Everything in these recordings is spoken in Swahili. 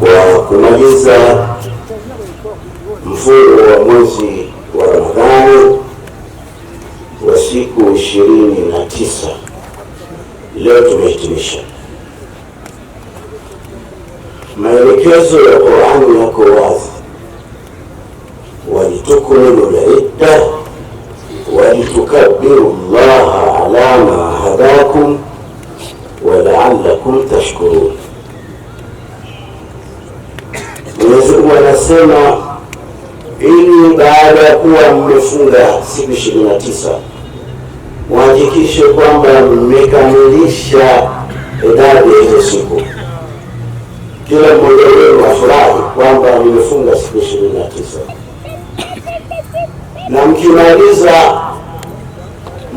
kwa kumaliza mfungo wa mwezi wa Ramadhani wa siku ishirini na tisa leo tumehitimisha. Maelekezo ya Qur'ani yako wazi, walitukumilu lidda walitukabiru llaha ala ma hadakum wa laalakum kusema ili baada ya kuwa mmefunga siku ishirini na tisa mhakikishe kwamba mmekamilisha idadi ya hizo siku. Kila mmoja wenu afurahi kwamba mmefunga siku ishirini na tisa na mkimaliza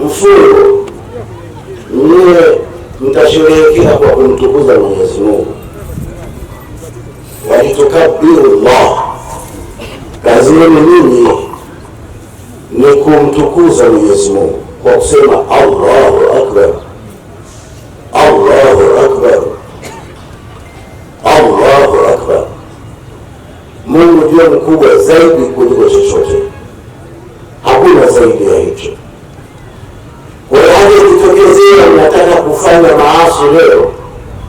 mfungo, mie mtasherehekea kwa kumtukuza Mwenyezi Mungu walitukabiru kazi yenu nini ni kumtukuza Mwenyezi Mungu kwa kusema Allahu akbar, Allahu akbar, Allahu akbar. Mungu ndiyo mkubwa zaidi kuliko chochote, hakuna zaidi ya hicho. Kwa hiyo ikitokezea unataka kufanya maasi leo,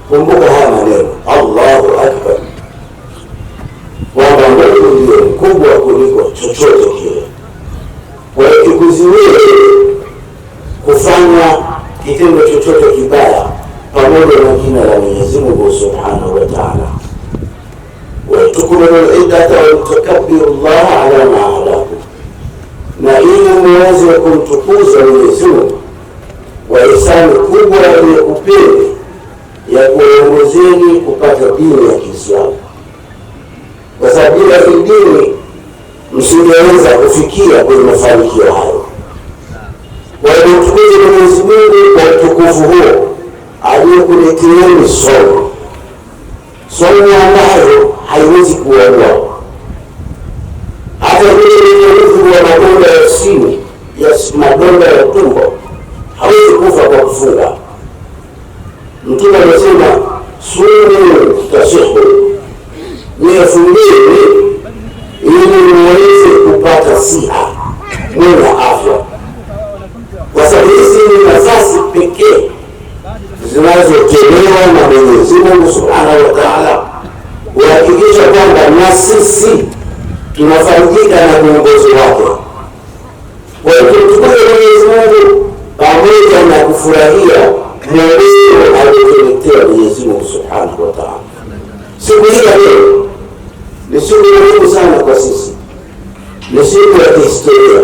kumbuka haya maneno Allahu akbar huu ndio mkubwa kuliko chochote kile. Kwa hiyo tukuzuie kufanya kitendo chochote kibaya pamoja na jina la Mwenyezi Mungu Subhanahu wa Ta'ala. Watukumu wa wamtukabiru llaha ala ma hadakum, na ili mwezi wa kumtukuza Mwenyezi Mungu kwa ihsani kubwa aliyokupenda ya kuongozeni kupata dini ya Kiislamu kwa sababu mwingine msingeweza kufikia kwenye mafanikio hayo. Kwa hiyo mtukuze Mwenyezi Mungu kwa utukufu huo aliyokuleteni somo, somo ambayo haiwezi kuondoa hata ule wa madonda ya sini ya madonda ya tumbo hawezi kufa kwa kufunga. Mtume amesema sumu tasihu, nifungie ili muweze kupata siha mwenye afya, kwa sababu hizi ni nafasi pekee zinazotolewa na Mwenyezi Mungu Subhanahu wa Ta'ala kuhakikisha kwamba na sisi tunafaidika na viongozi wake. Kwa hiyo tumtukuze Mwenyezi Mungu pamoja na kufurahia mwongozo aliotuletea Mwenyezi Mungu Subhanahu wa Ta'ala siku hii ya leo. Ni siku muhimu sana kwa sisi, ni siku ya kihistoria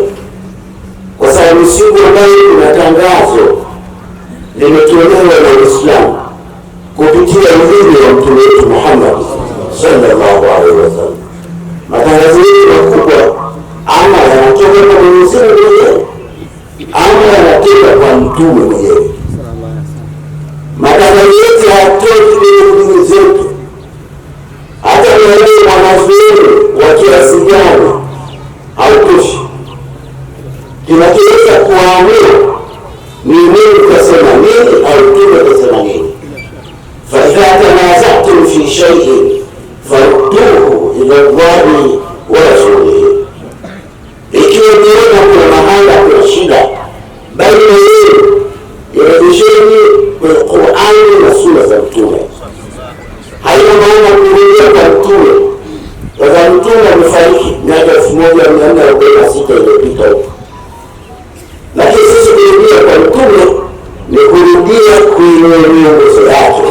kwa sababu siku ambayo kuna tangazo limetolewa na Uislamu kupitia ulimi wa mtume wetu Muhammad sallallahu alaihi wasallam. Matangazo yetu makubwa ama yanatoka kwa Mwenyezi Mungu mwenyewe ama yanatoka kwa mtume mwenyewe. Matangazo yetu hayatoki mazuri wa kiasi gani hautoshi. Kinachoweza kuamua ni mimi kasema nini au Mtume kasema nini. faidha tanazatum fi shaiin farudduhu ila llahi wa rasulihi na mtume amefariki miaka elfu moja mia nne arobaini na sita iliyopita huko, lakini sisi kurudia kwa mtume ni kurudia kuinua miongozo yake.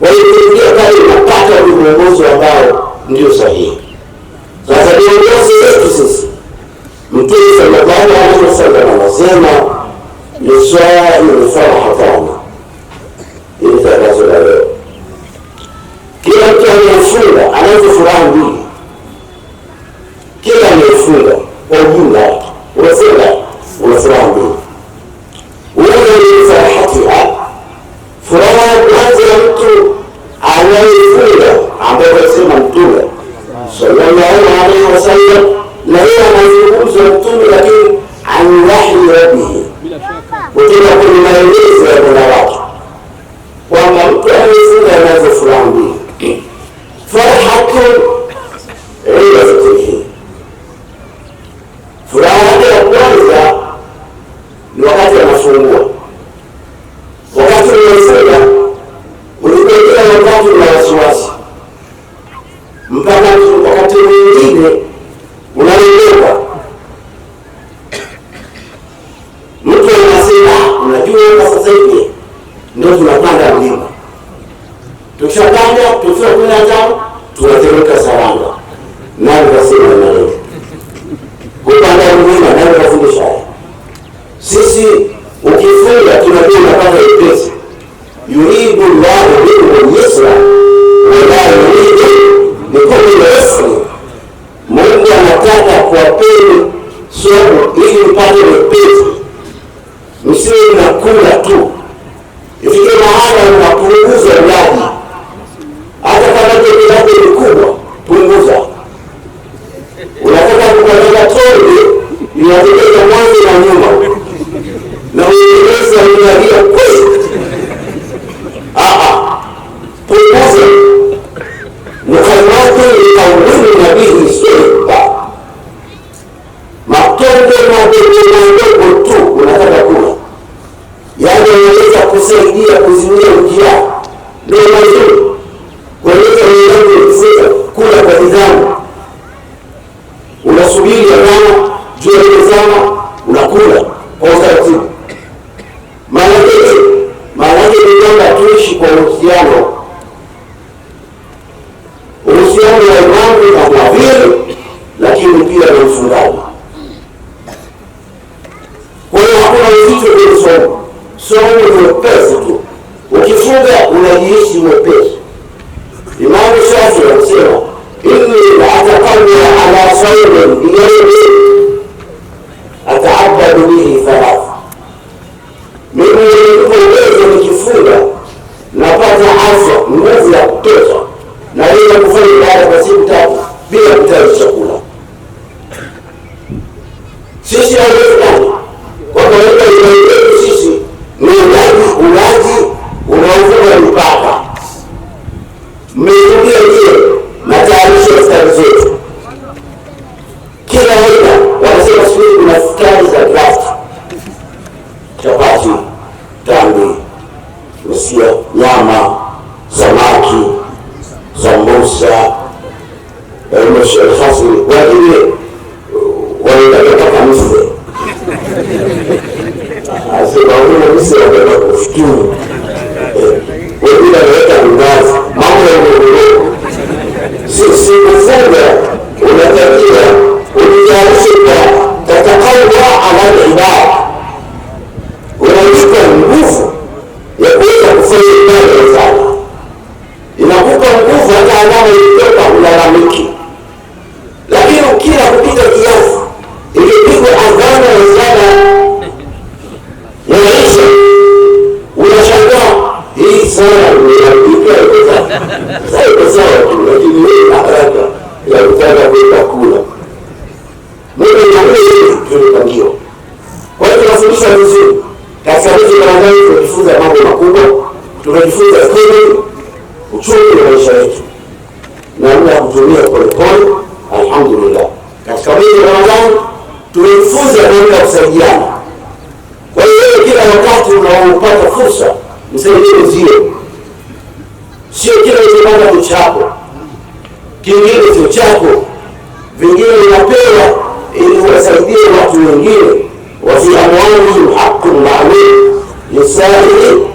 Kwa hiyo kurudia pale unapata ni mwongozo ambao ndio sahihi. Sasa miongozo yetu sisi, Mtume sallallahu alaihi wasallam anasema ni yufaa hata وسلة وفران به ومن فرحتها فران وجدت على الفولة عبد الرسول منطولة صلى الله عليه وسلم لهي مذكور زرتوم لكن عن وحي ربه وكده كل ما يليس يا ابن Yesu umesema ulipekea wakati na wasiwasi, mpaka wakati mwingine unaelewa mtu anasema, unajua hapa sasa hivi ndio tunapanda mlima, tukishapanda tukifika kule jao tunateremka salama. Nani kasema na leo kupanda mlima? Nani kafundisha sisi kutoka mwanzo na nyuma na Uingereza unalia kweli. ni mukallatu yukawimuna bihi sulba, matonge madogo madogo tu unataka kula, yaani unaweza kusaidia kuzuia ujia. Ndio mazuri kueleza wenzangu, kula kwa nidhamu kwa utaratibu. Maana yake maana yake ni kwamba tuishi kwa uhusiano, uhusiano wa imani na mwadhiri, lakini pia na mfungaji. Kwa hiyo hakuna uzito kwenye somo, somo ni mwepesi tu. Ukifunga unajihisi mwepesi. Imamu Shafi anasema inni atakamwa ala saumin ataabadu bihi thalatha. Mimi nilivyoeleza nikifunga napata afya, nguvu ya kutosha, naweza kufanya ibada kwa siku tatu bila kutaji chakula. Sisi haiwezekani. Kwa kawaida inaetu sisi ni ulaji ulaji unaovuka mipaka الخاص لكن ولذلك طبعا مثل هتبقى مثل هتبقى مفتون ودي لغايه الناس ما يقولوا سيبوا الفرقه ولا تركيبه ودي sana saiko sana tu, lakini wewe haraka ya kutaka kwenda kula mimi nakuli tulipangio. Kwa hiyo tunafundisha vizuri katika hizi barabara, tunajifunza mambo makubwa, tunajifunza kodi, uchumi na maisha yetu, namna ya kutumia polepole. Alhamdulillah, katika mwezi wa Ramadhani tumejifunza namna ya kusaidiana. Kwa hiyo kila wakati unaopata fursa msaidie uzio, sio kile unachopata ni chako, kingine sio chako, vingine unapewa ili uwasaidie watu wengine. wa fi amwalihim haqqun ma'lum lis-saili